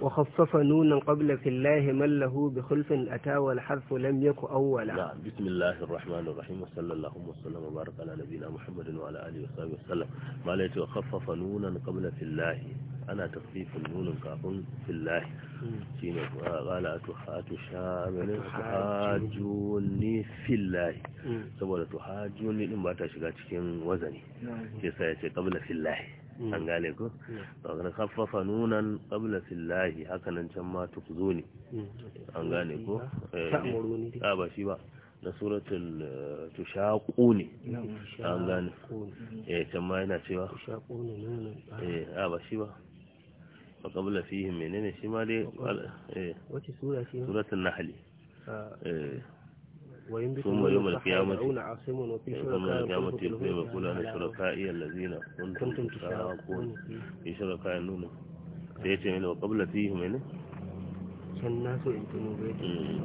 وخصف نونا قبل في الله من له بخلف أتى والحرف لم يك أولا نعم بسم الله الرحمن الرحيم وصلى الله وسلم وبارك على نبينا محمد وعلى آله وصحبه وسلم ما ليت وخفف نونا قبل في الله أنا تخفيف نون كافون في الله شين قال أتحاجون تحاجوني في الله سبب تحاجوني إن باتا شكا تشكين وزني كيسا يتقبل في الله Mm. an gane ko mm. wakar haffafa nunan ƙabla fillahi hakanan can ma zo ne mm. an gane ko eh, a ba shi ba na suratul eh, tushaku ne an gane eh can ma yana cewa eh a ba shi ba wa qabla fihi menene shi ma dai eh wace sura suratul nahl ah. eh ثم يوم القيامة ثم القيامة يقول يقول أنا شركائي الذين كنتم تشاركون في شركاء النون سيأتي منه وقبل فيه منه الناس إن تنوبيتهم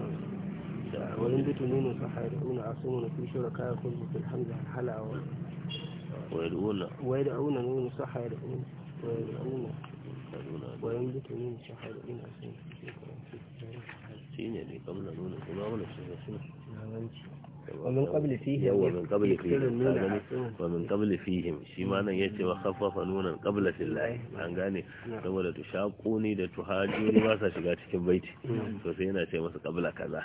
وينبت نون فحارقون عاصمون في شركاء كنتم في الحمد والحلع ويدعون ويدعون من صح يدعون ويدعون وينبتون صح يدعون سين يعني قبل نون كما ولا شيء ومن قبل فيهم ومن قبل ma kafafa yace wa khaffafa nunan qabla fillahi an gane saboda to shaquni da to hajiri ba sa shiga cikin baiti Sosai yana ce masa qabla kaza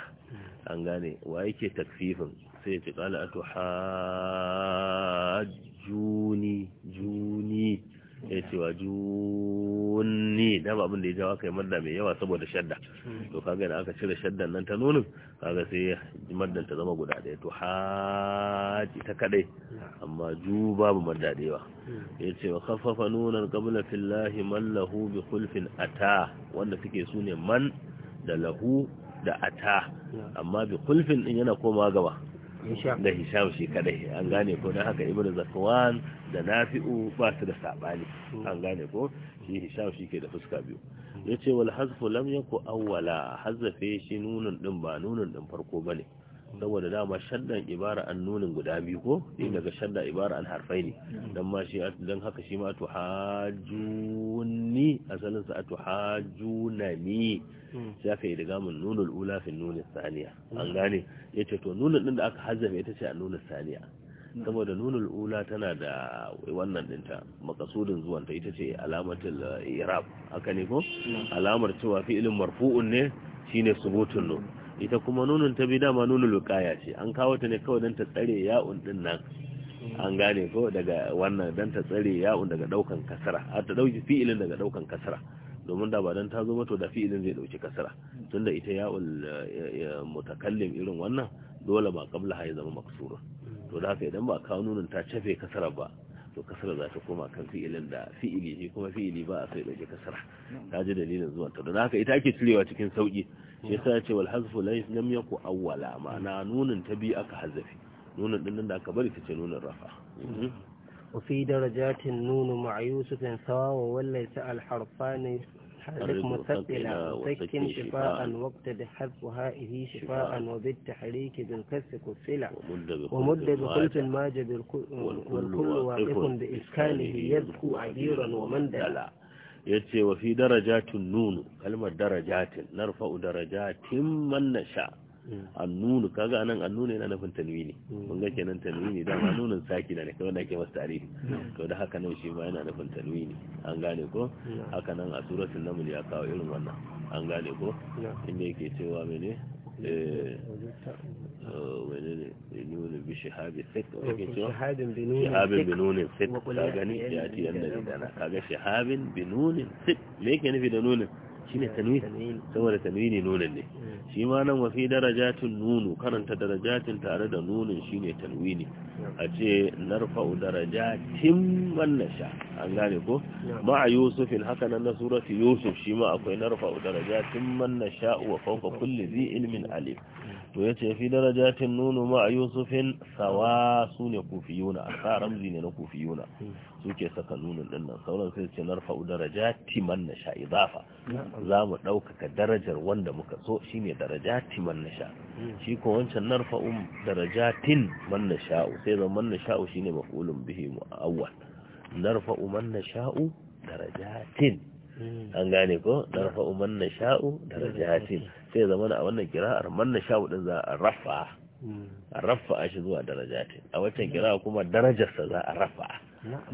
an gane wa yake takfifin sai ya ce qala atuhajjuni juni ya ce wa juni dama da ya jawa ka yi madda mai yawa saboda shadda to kaga da aka cire shaddan nan ta nunin kaga sai maddan ta zama guda ɗaya to ta kadai amma ju babu madda da yawa ya ce wa kafafa nunan qabla fillahi man lahu bi khulfin ata wanda suke sune man da lahu da ata amma bi khulfin din yana koma gaba da hisham shi kadai an gane ko na haka ibnu zakwan da nafi'u ba su da sabani an gane ko shi hisham shi ke da fuska biyu yace wal hazfu lam yaku awwala hazafe shi nunun din ba nunun din farko bane saboda dama shaddan ibara an nunin guda biyu ko din daga shadda ibara an harfai ne dan ma shi dan haka shi ma to haju ni asalin sa atuhajuna ni hmm. sai aka yi daga mun nunul ula fi nunul saniya hmm. an gane yace to nunul din da aka hazzabe ita ce a nunul saniya hmm. saboda nunul ula tana da wannan dinta makasudin ta ita ce alamatul eh, irab haka ne ko alamar cewa fi ilmin marfu'un ne shine subutun nun ita kuma nunun ta bi dama nunul wiqaya ce an kawo ta ne kawai dan ta tsare ya'un din nan an gane ko daga wannan dan ta tsare ya'un daga daukan kasara har ta dauki fi'ilin daga daukan kasara domin da ba dan ta zo mato da fi'ilin zai dauki kasara tunda ita ya'ul eh, eh, mutakallim irin wannan dole ba qabla ya zama maksura to da haka idan ba kawo nunin ta cafe kasara ba to kasara za ta koma kan fi'ilin da fi'ili ne kuma fi'ili ba a sai dauki kasara ta ji dalilin zuwan ta don haka ita ake cirewa cikin sauki shi yasa ya ce wal hazfu lam yaku awwala ma'ana nunin ta bi aka hazafi nunan ɗin da aka bari ta nunan rafa وفي درجات النون مع يوسف سواء وليس الحرفان حرف مثقلا وسكن شفاء وقت بحذف هائه شفاء وبالتحريك بالكسر كسلا ومد بخلف الماج والكل واقف بإسكانه يذكو عبيرا ومندلا يتي وفي درجات النون كلمة درجات نرفع درجات من نشاء Hmm. annunu kaga anan annunu yana nufin tanwini hmm. mun ga kenan tanwini da ma nunun saki da ne kai wanda ake masa tarihi hmm. to da haka nan shi ma yana nufin tanwini an gane ko haka nan a suratul naml ya kawo irin wannan an gane ko inda yake cewa mene eh oh, menene nunin bishahabi sik yake shahabin binunin sik ka gani ya ti annabi dana kaga shahabin binunin sik me yake nufi da nunin shine tanwin saboda tanwini nunin ne shi ma nan wa fi darajatin nunu karanta darajatin tare da nunin shine tanwini a ce narfa darajatin wannan sha an gane ko ma a yusufin haka nan na surati yusuf shi ma akwai narfa darajatin wannan sha wa fawqa kulli zi ilmin alif to yace fi darajatin nunu ma a yusufin sawa sune kufiyuna a sa ramzi ne na kufiyuna suke saka nunin dinnan nan sauran sai ce narfa'u timan na sha idafa za mu ɗaukaka darajar wanda muka so shine daraja timan na sha hmm. shi ko wancan narfa'u darajatin man sha'u sai zan man sha'u shine maf'ulun bihi mu narfa narfa'u man daraja darajatin hmm. an gane ko narfa'u man daraja darajatin sai zaman a wannan kira'ar man sha'u din za a rafa hmm. a rafa shi zuwa darajatin a wancan kira'a kuma darajarsa za a rafa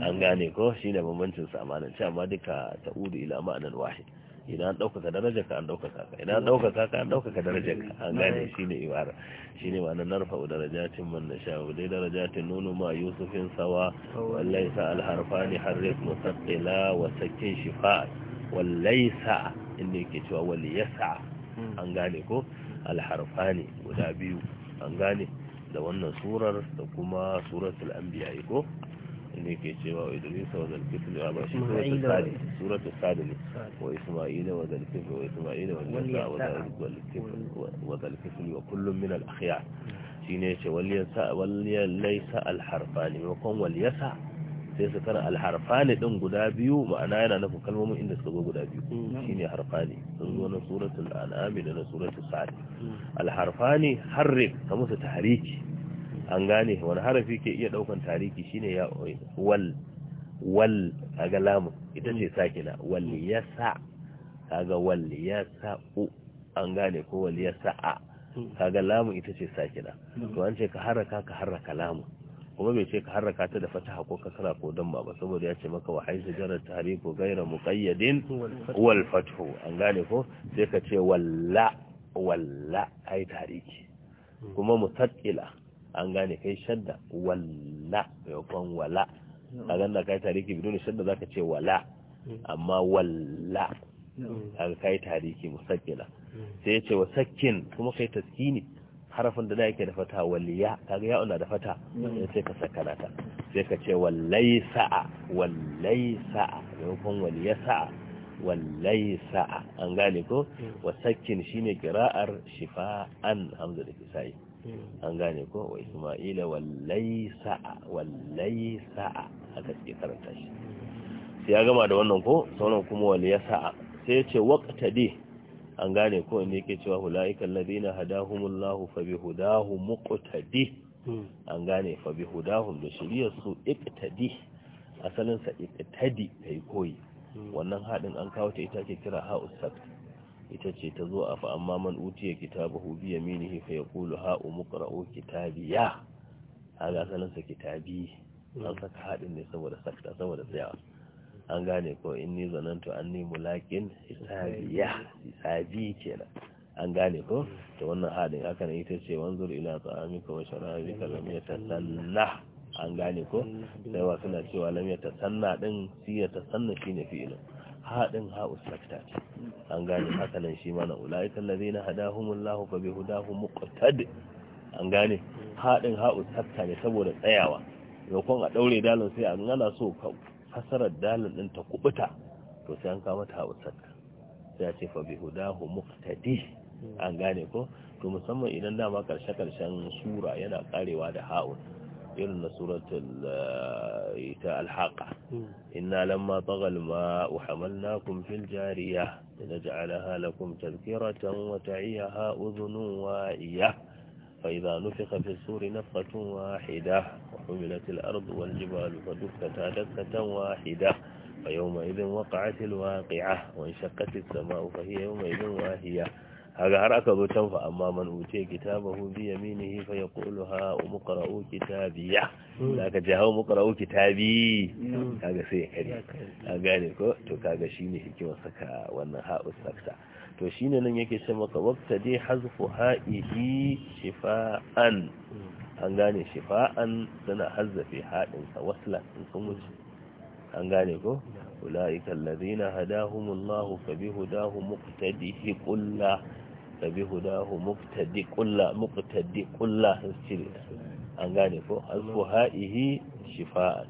an gane ko shine bambancin su amanan ce amma duka ta'udu ila ma'anar wahid idan an ɗaukaka darajar ka an ɗaukaka ka idan an ɗaukaka ka an ɗaukaka darajar ka an gane shi ne ibara shi ne ma'anar narfa wa darajatin man na sha dai darajatin nunu ma yusufin sawa wallai sa alharfa ne harif musaqqila wa sakin shifa wallai sa inda yake cewa wali yasa hmm. an gane ko alharfa ne guda biyu an gane da wannan surar da kuma suratul anbiya ko inda yake cewa wa idrisa wa zalkifil ba shi suratul sadu ne wa isma'ila wa zalkifil wa isma'ila wa zalkifil wa zalkifil wa kullum min al akhyar shine yace waliyasa waliyasa al harfani maimakon waliyasa sai su kara alharfani din guda biyu ma'ana yana nufin kalmomin inda suka zo guda biyu mm. shine harfani sun zo na suratul an'am da na suratul sa'd mm. alharfani harrik kamar su tahriki an gane wani harafi ke iya daukan tariki shine ya wal wal kaga lamu ita ce sakina wal yasa kaga wal yasa u an gane ko wal yasa a kaga lamu ita ce sakina to an ce ka haraka ka haraka lamu kuma bai ce ka haraka ta da fataha ko kasara ko damma ba saboda ya ce maka wa haizu jarar tariku gaira muqayyadin wal fathu an gane ko sai ka ce walla walla ai tariki kuma mutaqqila an gane kai shadda walla maimakon wala a ganda kai tariki bidon shadda zaka ce wala amma walla an kai tariki musakkila sai ya ce wa sakkin kuma kai taskini harafin da yake da fata waliya kaga ya da fata mm. sai ka sakana ta sai ka ce wallai sa'a wallai sa'a maimakon waliya sa'a wallai sa'a an gane ko mm. wa sakkin shine kira'ar shifa'an hamza da kisayi an gane ko wa isma'ila wallai sa'a wallai sa'a karanta shi sai ya gama da wannan ko sauran kuma wal ya sa'a sai ya ce dai an gane ko inda yake cewa hula'ikan alladhina hadahumullahu fa bihudahum muqtadi an gane fa hudahu da shiriyar su iqtadi asalin sa iqtadi kai koyi hmm. wannan haɗin an kawo ta ita ke kira ha'us sabt ita ce ta zo a fa'amma man utiya kitabahu bi yaminihi fa yaqulu ha umqra'u kitabiya haga asalinsa kitabi hmm. an saka haɗin ne saboda sakta saboda tsayawa an gane ko in ni inni an ni mulakin hisabiya hisabi kenan an gane ko hmm. ta wannan haɗin haka ne ita ce wanzur ila ta'amika wa sharabika lam yatasanna an gane ko sai suna cewa lam yatasanna din siya tasanna shine fi'ilin haɗin ha'us sakta an gane haka shi mana ula'ikan lazi na hadahumullahu fa bi hudahu muqtad an gane haɗin ha'us sakta ne saboda tsayawa yaukon a ɗaure dalin sai an gana so fasarar dalin ɗin ta kubuta to sai an kama ta ha'us sakta sai a ce fa bi hudahu muqtadi an gane ko to musamman idan dama karshe karshen sura yana karewa da haus قلنا سورة إيتاء آه، الحاقة إنا لما طغى الماء حملناكم في الجارية لنجعلها لكم تذكرة وتعيها أذن وائية فإذا نفخ في السور نفخة واحدة وحملت الأرض والجبال فدفتا دفة واحدة فيومئذ وقعت الواقعة وانشقت السماء فهي يومئذ واهية kaga har aka zo can fa amma man uce kitabahu bi yaminihi fa yaquluha ha umqra'u kitabiya da aka ji ha umqra'u kitabi hmm. kaga sai ya kare ka gane ko to kaga shine hikimar saka wannan ha'u sakta to shine nan yake ce maka waqta dai hazfu ha'ihi shifa'an hmm. an gane shifa'an suna hazzafe haɗin sa wasla in sun wuce an gane ko hmm. ulaika alladhina hadahumullahu fa bihudahu muqtadihi qulla ka bi hudahu muktadi kullu muktadi kullu hasiri an gane ko alfuhaihi shifa'an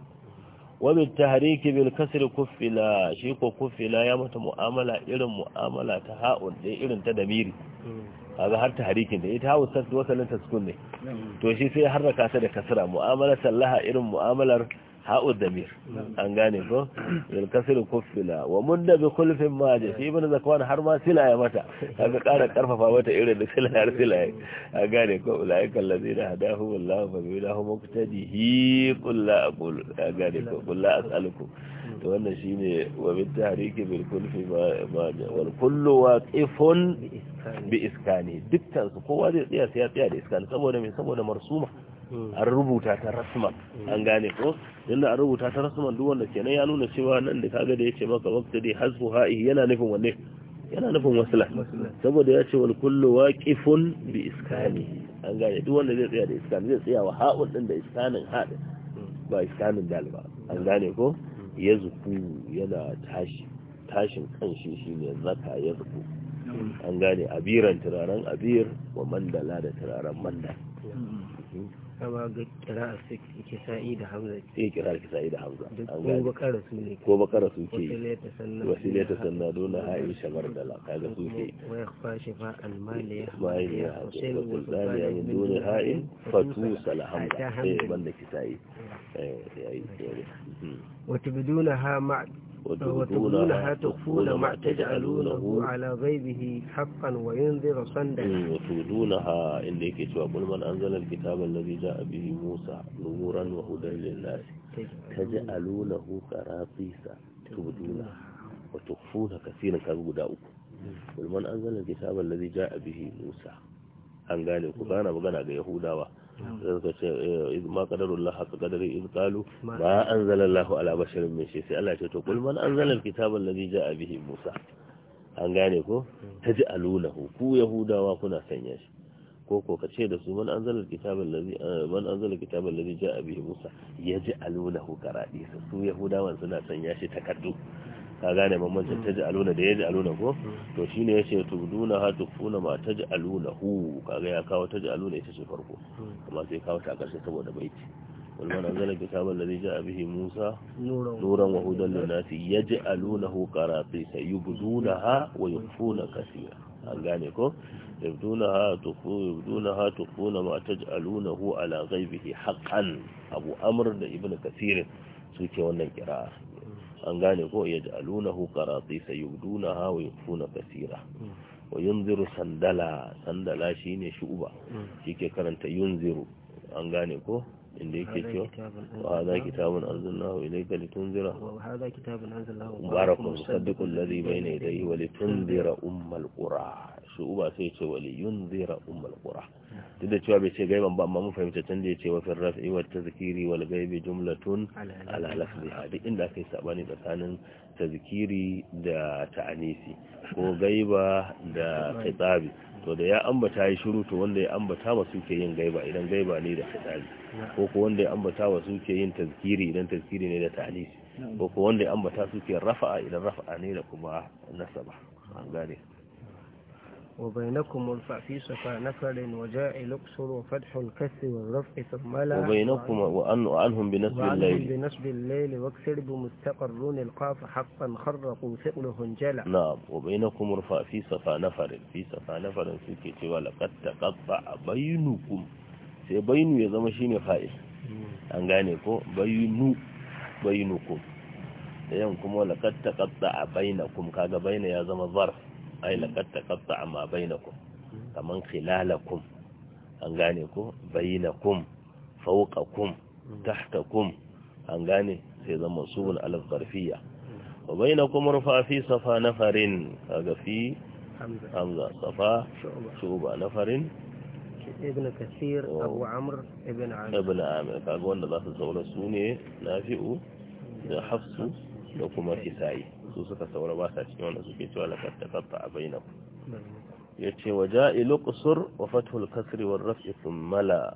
wa bil tahriki bil kasri kufila shi ko kufila ya mata mu'amala irin mu'amala ta ha'un dai irin ta damiri kaga har tahrikin da ita ha'u sai wasalin taskun ne mm. to shi sai harraka ta da kasra mu'amala sallaha irin mu'amalar ha'ud damir an gane ko bil kasr kuffila wa mudda bi khulfin maji shi ibn zakwan har ma sila ya mata kaga ƙara karfafa mata irin da sila har sila an gane ko ulaika allazina hadahu wallahu fa bi lahu muqtadihi qul la aqul an gane ko qul la as'alukum to wannan shine wa bit tahriki bil kulfi maji wal kullu waqifun bi iskani dukkan su kowa zai tsaya sai ya tsaya da iskani saboda me saboda marsuma Hmm. an rubuta ta rasman an gane ko yanda an rubuta ta rasman duk wanda kenan ya nuna cewa nan da kaga da yace maka wakta dai hasbu ha'i yana nufin wanne yana nufin wasla saboda ya ce wal kullu waqifun bi iskani an gane duk wanda zai tsaya da iskani zai tsaya wa ha'un din da iskanin ha ba iskanin dal ba an gane ko hmm. ya zuku yana tashi tashin kanshi shine zaka ya zuku hmm. an gane abiran turaren abir wa mandala da turaren mandala kama ga kira'ar kisa'i da hamza sai kira'ar da hamza ko bakara su ne ko bakara su ke wasile ta sanna dole ha'i shamar da la kaga su ke wa ya fashi fa almaliya maliya sai wa tsariya min dole ha'i fatu sai eh, banda eh yayi hmm. biduna ha ma وتبدونها تخفون ما تجعلونه على غيبه حقا وينذر صندا وتبدونها إن يكي تقول من أنزل الكتاب الذي جاء به موسى نورا وهدى للناس تجعلونه كراطيسا تبدونها وتخفون كثيرا كبداؤك قل من أنزل الكتاب الذي جاء به موسى أنقالي وكبانا بغنى gana magana Mm. sai suka ce eh, iz ma qadarullah haqqa qadari iz qalu ma anzalallahu ala basharin min shay sai Allah ce to kul man anzala alkitaba alladhi ja'a bihi Musa an gane ko ta mm. ji taj'alunahu ku yahudawa kuna sanya shi ko ko ka ce da su man anzala alkitaba alladhi eh, man anzala alkitaba alladhi a bihi Musa yaj'alunahu karadisa su yahudawan suna sanya shi takaddu ka gane mm. ta aluna da aluna ko mm. to shi ne ce tu tubduna ha funa ma aluna hu kaga ya kawo ta aluna ita ce farko mm. amma sai kawo ta karshe saboda baiti wal man anzala kitaba alladhi ja'a bihi Musa nuran wa hudan lin nasi yaj'alunahu qaratisa ha wa yukhfuna kaseera an gane ko yubdunaha ha tu funa ma hu ala ghaibihi haqqan abu amr da ibnu kathir suke wannan kira'a an gane ko ya ja'alunahu yuduna hawa wa yufuna kasira wa yunziru sandala sandala shine shuba mm. ke karanta yunziru an gane ko inda yake ce wa hadha kitabun anzalnahu ilayka litunzira wa hadha kitabun anzalnahu mubarakun musaddiqul ladhi bayna yadayhi wa litunzira ummal kura shuba sai ce wa liyunzira ummal kura. duk da cewa bai ce gaiban ba amma mun fahimta tun da ya ce wafin raf'i wa tazkiri wal gaibi jumlatun ala lafziha duk inda aka yi sabani tsakanin tazkiri da ta'anisi ko gaiba da kitabi to da ya ambata yi shiru to wanda ya ambata ma suke yin gaiba idan gaiba ne da kitabi ko ko wanda ya ambata wa suke yin tazkiri idan tazkiri ne da ta'anisi ko ko wanda ya ambata suke rafa'a idan rafa'a ne da kuma nasaba an gane وبينكم الفاء في صفاء نفر وجاء الاقصر وفتح الكسر والرفع ثم لا وبينكم وأن وعنهم بنسب الليل وعنهم بنسب الليل واكسر بمستقرون القاف حقا خرقوا ثقله هنجلا نعم وبينكم الفاء في صفاء نفر في صفاء نفر في سكت ولقد تقطع بينكم sai bayinu ya zama shine fa'il an gane ko bayinu bainukum da yan kuma laqad taqatta ai laqad taqatta'a amma bainakum kaman khilalakum an gane ko bainakum fawqakum tahtakum an gane sai zama subun alaf zarfiyya wa bainakum rufa fi safa nafarin kaga fi hamza safa shuba nafarin ibn kathir abu amr ibn amir ibn amir kaga wanda za su zaura su ne nafi'u da hafsu da kuma kisayi su suka saura ba sa cikin wanda suke cewa laqad taqatta bainakum yace wa ja'ilu qusur wa fathul kasri war raf'i thumma la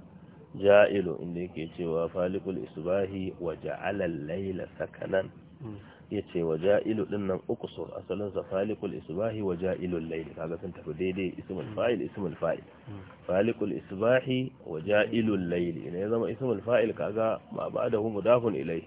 ja'ilu inda yake cewa falikul isbahi wa ja'ala al-layla sakanan mm. yace wa ja'ilu dinnan uqsur asalan sa falikul isbahi wa al layl kaga sun tafi daidai ismul mm. fa'il ismul fa'il mm. falikul isbahi wa ja'ilul layl ya zama ismul fa'il kaga ma ba'dahu mudafun ilai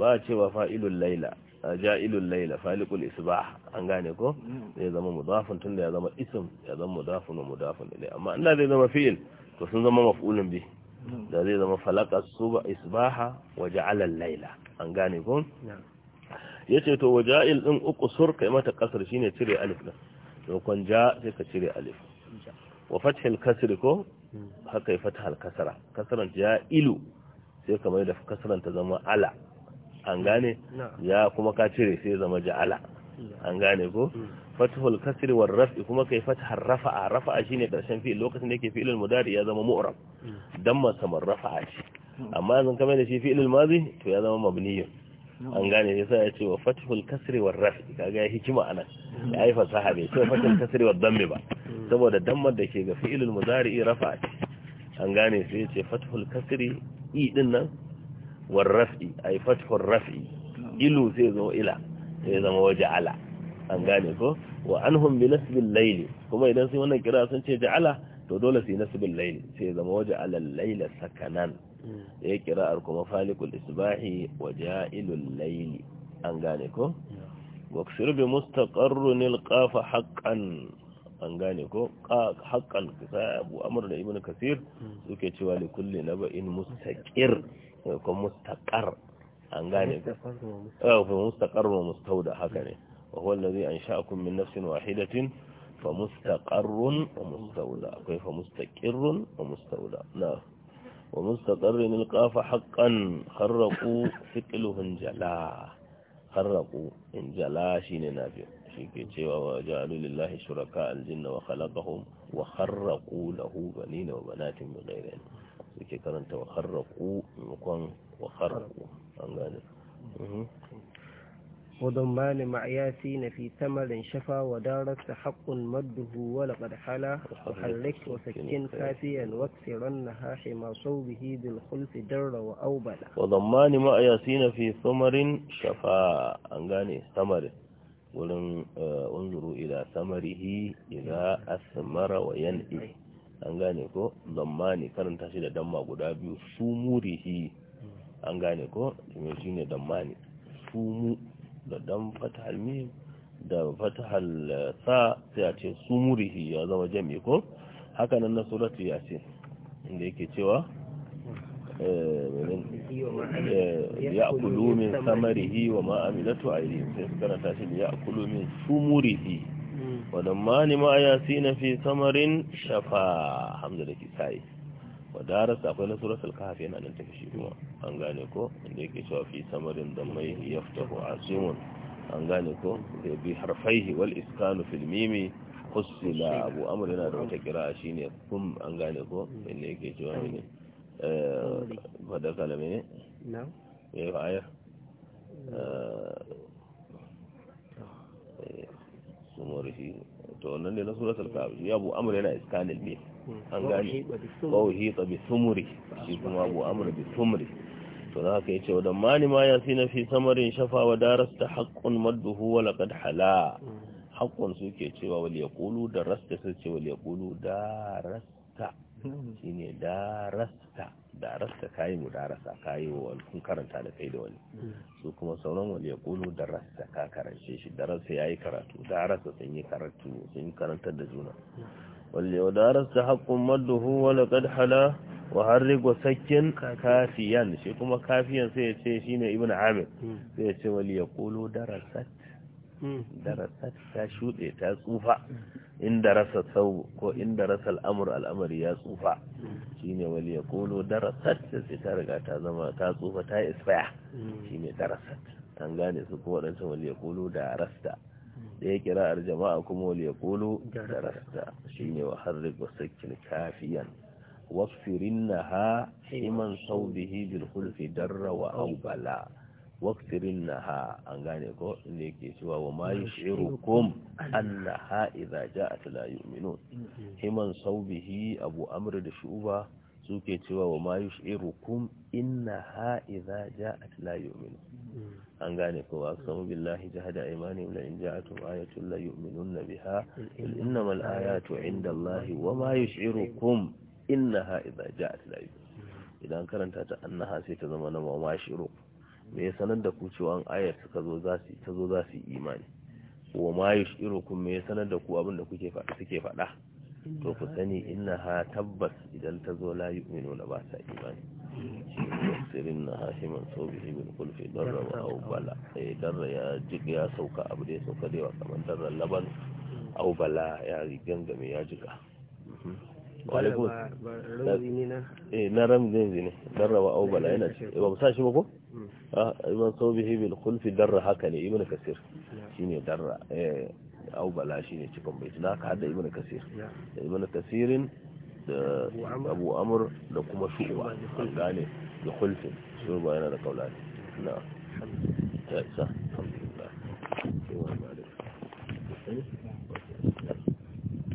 ba cewa fa'ilul layla ja'ilul layla falikul isbah an gane ko hmm. zai zama mudafun tunda ya zama ism ya zama mudafun wa mudafun ilai amma inda zai zama fi'il to sun zama maf'ulun bi hmm. da zai zama falaka suba isbaha wa ja'ala laila an gane ko yace to waja'il din uku sur kai mata kasar shine cire alif din to kun ja sai ka cire alif wa fathil kasr ko hmm. haka ya fathal kasra kasran ja'ilu sai ka mai da kasran ta zama ala an gane ya kuma ka cire sai zama ja'ala an gane ko hmm. fatihul kasri war raf'i kuma kai fathar rafa'a rafa'a shine karshen fi'il lokacin da yake fi'ilul mudari ya zama mu'rab hmm. dan ma kamar rafa'a shi hmm. amma yanzu kamar da shi fi'ilul madi to ya zama mabni an gane yasa ya ce wa fatihul kasri war raf'i kaga ya hikima anan ya yi fasaha bai ce fathul kasri war dammi ba saboda dammar da ke ga fi'ilul mudari rafa'a an gane sai ya ce fatihul kasri i din nan warrafi ay fathur raf'i ilu sai zo ila sai zama waje ala an gane ko wa anhum bi nasbil layl kuma idan sai wannan kira sun ce ja'ala to dole sai nasbil layl sai zama waje ala layla sakanan ya kira'ar kuma falikul isbahi wa ja'ilul layl an gane ko wa kusur bi mustaqarrun alqafa haqqan an gane ko haƙƙan sai abu amur da ibn kasir suke cewa li kulli in mustaqir ko mustaqar an gane ko mustaqar wa mustawda haka ne wa huwa allazi ansha'akum min nafsin wahidatin fa mustaqarrun wa mustawda akwai fa mustaqirrun wa mustawda na wa mustaqarrin alqafa haqqan kharraqu thiqluhun jala kharraqu in jala shine nafi' في كيتشي وجعلوا لله شركاء الجن وخلقهم وخرقوا له بنين وبنات من غيرهم سيكي كرنت وخرقوا مكوان وخرقوا وضمان مع ياسين في ثمر شفا ودارت حق مده ولقد حلا وحلك وسكن فاسيا واكثرنها حما صوبه بالخلف در وأوبلا وضمان مع ياسين في ثمر شفا انغاني ثمر wurin eh, unzuru ila samarihi idza asmara wa yan'i an gane ko zammani karanta shi da damma guda biyu sumurihi an gane ko me shine dammani sumu da dam fatahal mim da fatahal eh, sa sai a ce sumurihi ya zama jami'i ko haka nan na surati ya ce inda yake cewa Eh, ya min samarihi wa ma'amilatu aidihim sai su karanta shi ya akulu min sumurihi walamma ni ma ya sina fi samarin shafa hamza da kisai wa darasa akwai na suratul kahf yana nan tafi shi kuma an gane ko inda yake cewa fi samarin da mai yaftahu asimun an gane ko da bi harfaihi wal iskanu fil mimi hussila abu amr yana da wata kira shine kum an gane ko inda yake cewa ne fadar kalame ne? ya yi ayar eh, su morishi to wannan ne na suratul kafir ya bu amr yana iskanil ne an gani bi sumuri shi kuma bi sumuri to yi ce wadda mani ma ya fi na fi samarin shafa wa darasta haƙƙun madduhu wa laƙad hala hmm. haƙƙun suke cewa wal ya da rasta sai ce ya da rasta shine darasta darasta kayi mu darasa kayi wa kun karanta da kai da wani su kuma sauran wani ya kulu darasta ka karance shi darasta ya yi karatu darasta sun yi karatu sun karantar da juna wal yau darasta haƙƙun madduhu wala laqad wa harri wa sakin kafiyan shi kuma kafiyan sai ya ce ne ibnu amir sai ya ce ya kulu darasta Mm. darasat ta shuɗe ta tsufa inda rasa sau ko inda rasa al'amur al'amari ya tsufa mm. shine wali ya kolo darasat sai ta riga ta zama ta tsufa ta isfaya mm. shine darasat an gane su ko waɗancan wali ya kolo da rasta da ya a jama'a kuma wali ya kolo da rasta shine wa harrik wasakin kafiyan wasfirin na ha himan sau bihi bil darra wa aubala waqtirin naha an gane ko inda yake cewa wa ma yushirukum annaha idza ja'at la yu'minun mm-hmm. himan sau bihi abu amr da shuba su ke cewa wa ma yushirukum innaha idza ja'at la yu'minun mm-hmm. an gane ko wa aqsamu billahi jahada imanin la in ja'atuhum ayatun la na biha innamal ayatu 'inda allahi wa ma yushirukum innaha idza ja'at la yu'minun mm-hmm. idan karanta ta annaha sai ta zama na ma yushirukum me sanar da ku cewa ayar suka zo za su ta zo za su imani wa ma kum me sanar da ku abin da kuke faɗa suke faɗa to ku sani inna ha tabbas idan ta zo la yu'minu la ba sa imani sirin na hashiman sobi min kulfi darra wa au bala eh darra ya jik ya sauka abu da ya sauka da yawa kamar darra laban au bala ya gangame ya jika walaikun na eh, ramzin zine darra wa au bala yana ce eh, ba sa shi ba ko Ah, man sau bihi bil kulfi darra haka ne ibn kasir shine darra eh, au bala shine cikon bai da ka hada ibn kasir da ibn kasirin da abu amur da kuma shuwa an gane da kulfin shuba yana da kaula ne na ta isa alhamdulillah